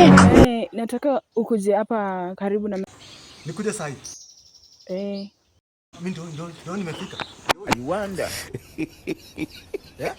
Hey, eh, nataka ukuje hapa karibu na nikuje sasa hivi. Eh. Mimi ndo ndo ndo nimefika. I wonder. Yeah?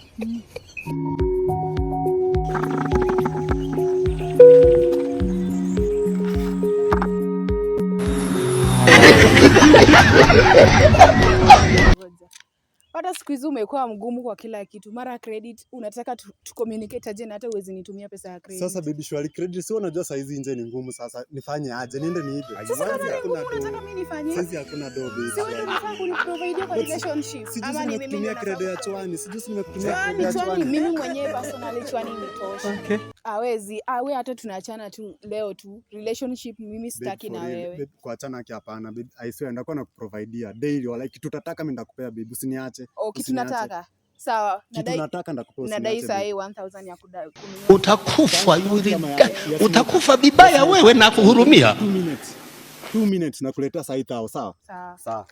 unapata siku hizi umekuwa mgumu kwa kila kitu, mara credit unataka tu, tu communicate aje na hata uwezi nitumia pesa ya credit. Sasa baby shwari, credit sio, unajua saa hizi nje ni ngumu. Sasa nifanye aje? Niende niibe? Sasa hakuna do, mimi nifanye sasa, hakuna do baby, sio ndio? Nataka kuniprovide kwa relationship ama ni mimi ndio credit ya chwani, sijui nimekutumia credit ya chwani, mimi mwenyewe personally chwani nitosha. Okay awezi awe hata tunaachana tu leo tu relationship, mimi sitaki na wewe kuachana. Aki hapana, aisee, ndakuwa na kuprovidea daily, wala kitu tunataka mimi ndakupea bibi, usiniache. Oh, kitu nataka sawa, nadai nataka ndakupea, nadai saa hii 1000 ya kudai, utakufa yuri utakufa bibaya wewe, na kuhurumia 2 minutes 2 minutes, nakuletea saa sawa sawa sawa.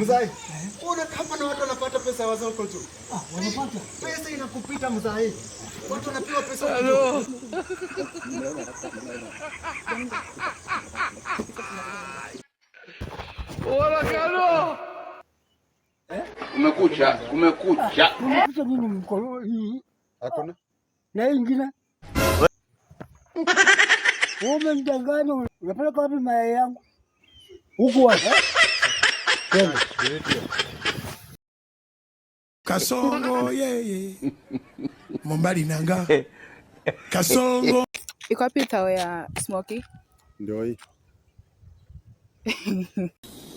Mzai, eh? una kama na watu wanapata pesa wazoko tu. Ah, wanapata. Pesa inakupita mzai. Watu wanapewa pesa. Hello. Wala kalo. Eh? Kumekucha, kumekucha. Kumekucha nini mkono hii? Hakuna. Ah, na hii nyingine? unapeleka wapi mayai yangu? Huko wapi? Kasongo yeye Mombali nanga Kasongo iko wapi? Tao ya Smoky ndio hii